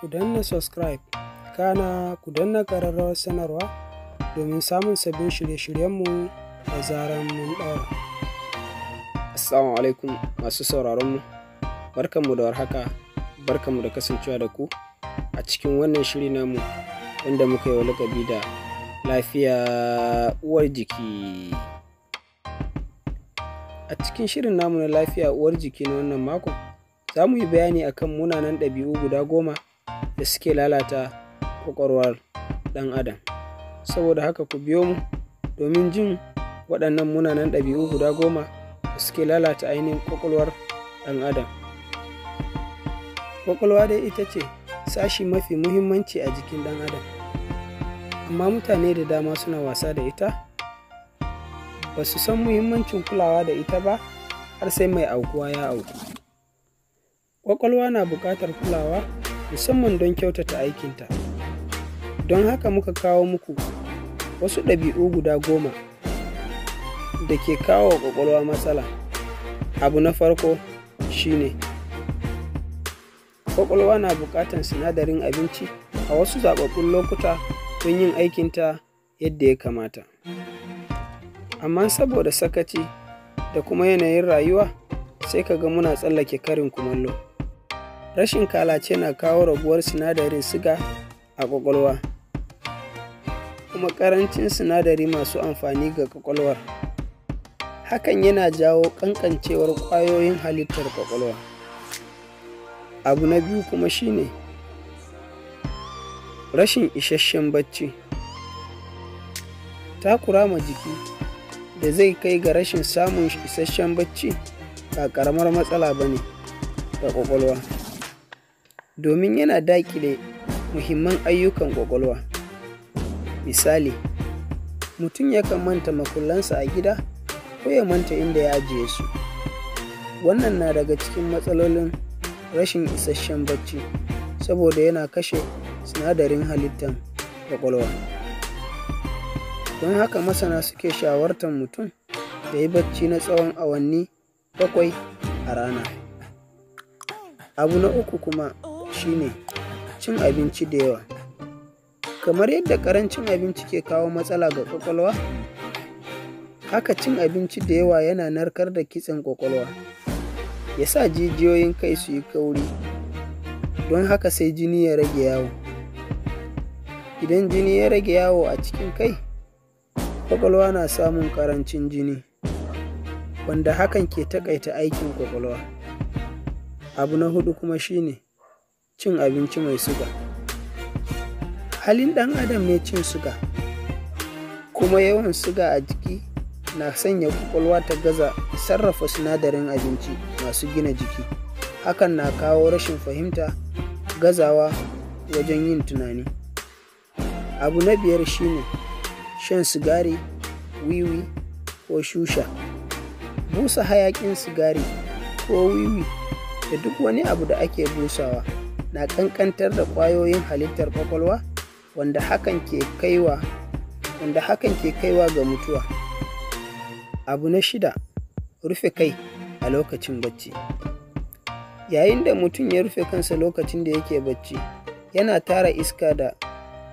ku danna subscribe kana ku danna ƙararrawar sanarwa domin samun sabbin shirye-shiryenmu a zaren mun ɗaura. Assalamu alaikum masu sauraronmu, barkanmu da warhaka, barkanmu da kasancewa da ku a cikin wannan shiri namu wanda muka yi wa lakabi da lafiya uwar jiki. A cikin shirin namu na lafiya uwar jiki na wannan mako za mu yi bayani akan munanan ɗabi'u guda goma da suke lalata ƙwaƙwalwar ɗan adam saboda haka ku biyo mu domin jin waɗannan munanan ɗabi'u guda goma da suke lalata ainihin kwakwalwar ɗan adam ƙwaƙwalwa dai ita ce sashi mafi muhimmanci a jikin ɗan adam amma mutane da dama suna wasa da ita ba su san muhimmancin kulawa da ita ba har sai mai aukuwa ya auku ƙwaƙwalwa na buƙatar kulawa musamman don kyautata aikinta. Don haka muka kawo muku wasu ɗabi'u guda goma da ke kawo ƙwaƙwalwa matsala. Abu na farko shine ƙwaƙwalwa na buƙatar sinadarin abinci a wasu zaɓaɓɓun lokuta don yin aikinta yadda ya kamata. Amma saboda sakaci da kuma yanayin rayuwa sai ka ga muna tsallake karin kumallo. rashin kalace na kawo raguwar sinadarin siga a kwakwalwa kuma karancin sinadari masu amfani ga kwakwalwar hakan yana jawo ƙanƙancewar kwayoyin halittar kwakwalwa abu na biyu kuma shine rashin isasshen bacci takura ma jiki da zai kai ga rashin samun isasshen bacci ba ƙaramar matsala ba ne ga kwakwalwa domin yana daƙile muhimman ayyukan ƙwaƙwalwa. Misali, mutum yakan manta makullansa a gida ko ya manta inda ya ajiye su. Wannan na daga cikin matsalolin rashin isasshen bacci saboda yana kashe sinadarin halittan ƙwaƙwalwa. Don haka masana suke shawartar mutum da yi bacci na tsawon awanni bakwai a rana. Abu na uku kuma shine cin abinci da yawa kamar yadda karancin abinci ke kawo matsala ga kwakwalwa haka cin abinci da yawa yana narkar da kitsen kwakwalwa ya sa jijiyoyin kai su yi kauri don haka sai jini ya rage yawo idan jini ya rage yawo a cikin kai kwakwalwa na samun karancin jini wanda hakan ke takaita aikin kwakwalwa abu na hudu kuma shine cin abinci mai suga halin ɗan adam ne cin suga kuma yawan suga a jiki na sanya kwakwalwa ta gaza sarrafa sinadarin abinci masu gina jiki hakan na kawo rashin fahimta gazawa wajen yin tunani abu na biyar shine shan sigari wiwi ko shusha busa hayakin sigari ko wiwi da duk wani abu da ake busawa na ƙanƙantar da ƙwayoyin halittar kwakwalwa, wanda hakan ke kaiwa ga mutuwa abu na shida rufe kai a lokacin bacci yayin da mutum ya rufe kansa lokacin da yake bacci yana tara iska da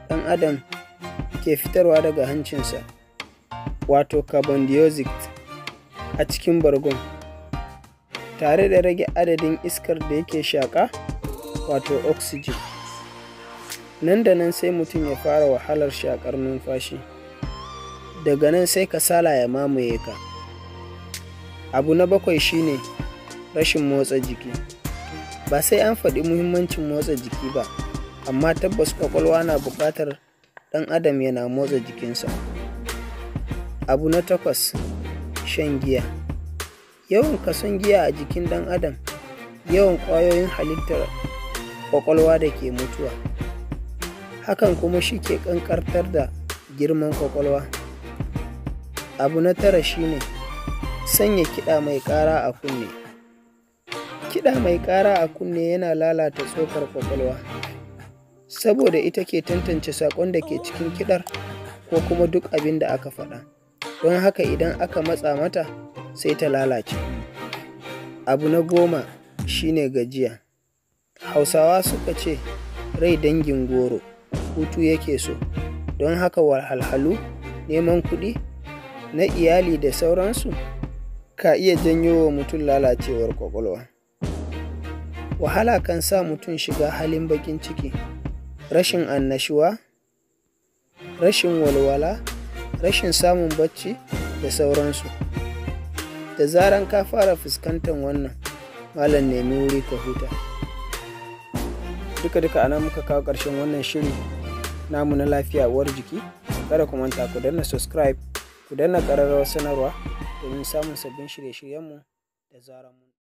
ɗan adam ke fitarwa daga hancinsa wato carbon dioxide a cikin bargon tare da rage adadin iskar da yake shaƙa wato oxygen nan da nan sai mutum ya fara wahalar shakar numfashi daga nan sai kasala ya mamaye ka abu na bakwai shine rashin motsa jiki ba sai an faɗi muhimmancin motsa jiki ba amma tabbas kwakwalwa na buƙatar ɗan adam yana motsa jikinsa abu na takwas shan giya yawan kason giya a jikin ɗan adam yawan ƙwayoyin halittar ƙwaƙwalwa da ke mutuwa hakan kuma shi ke ƙanƙartar da girman ƙwaƙwalwa abu na tara shine sanya kiɗa mai ƙara a kunne kiɗa mai ƙara a kunne yana lalata tsokar ƙwaƙwalwa saboda ita ke tantance saƙon da ke cikin kiɗar ko kuma duk abin da aka faɗa don haka idan aka matsa mata sai ta lalace abu na goma shine gajiya Hausawa suka ce, Rai dangin goro, hutu yake so, don haka wahalhalu, neman kuɗi, na iyali da sauransu ka iya janyo wa mutum lalacewar ƙwaƙwalwa. Wahala kan sa mutum shiga halin bakin ciki, rashin annashuwa, rashin walwala, rashin samun bacci da sauransu. Da zaran ka fara fuskantar wannan, malam nemi wuri ka huta. duka-duka nan muka kawo ƙarshen wannan shiri namu na lafiya uwar jiki kada ku manta ku danna subscribe ku danna ƙararrawar sanarwa domin samun sabbin shirye-shiryenmu da zarar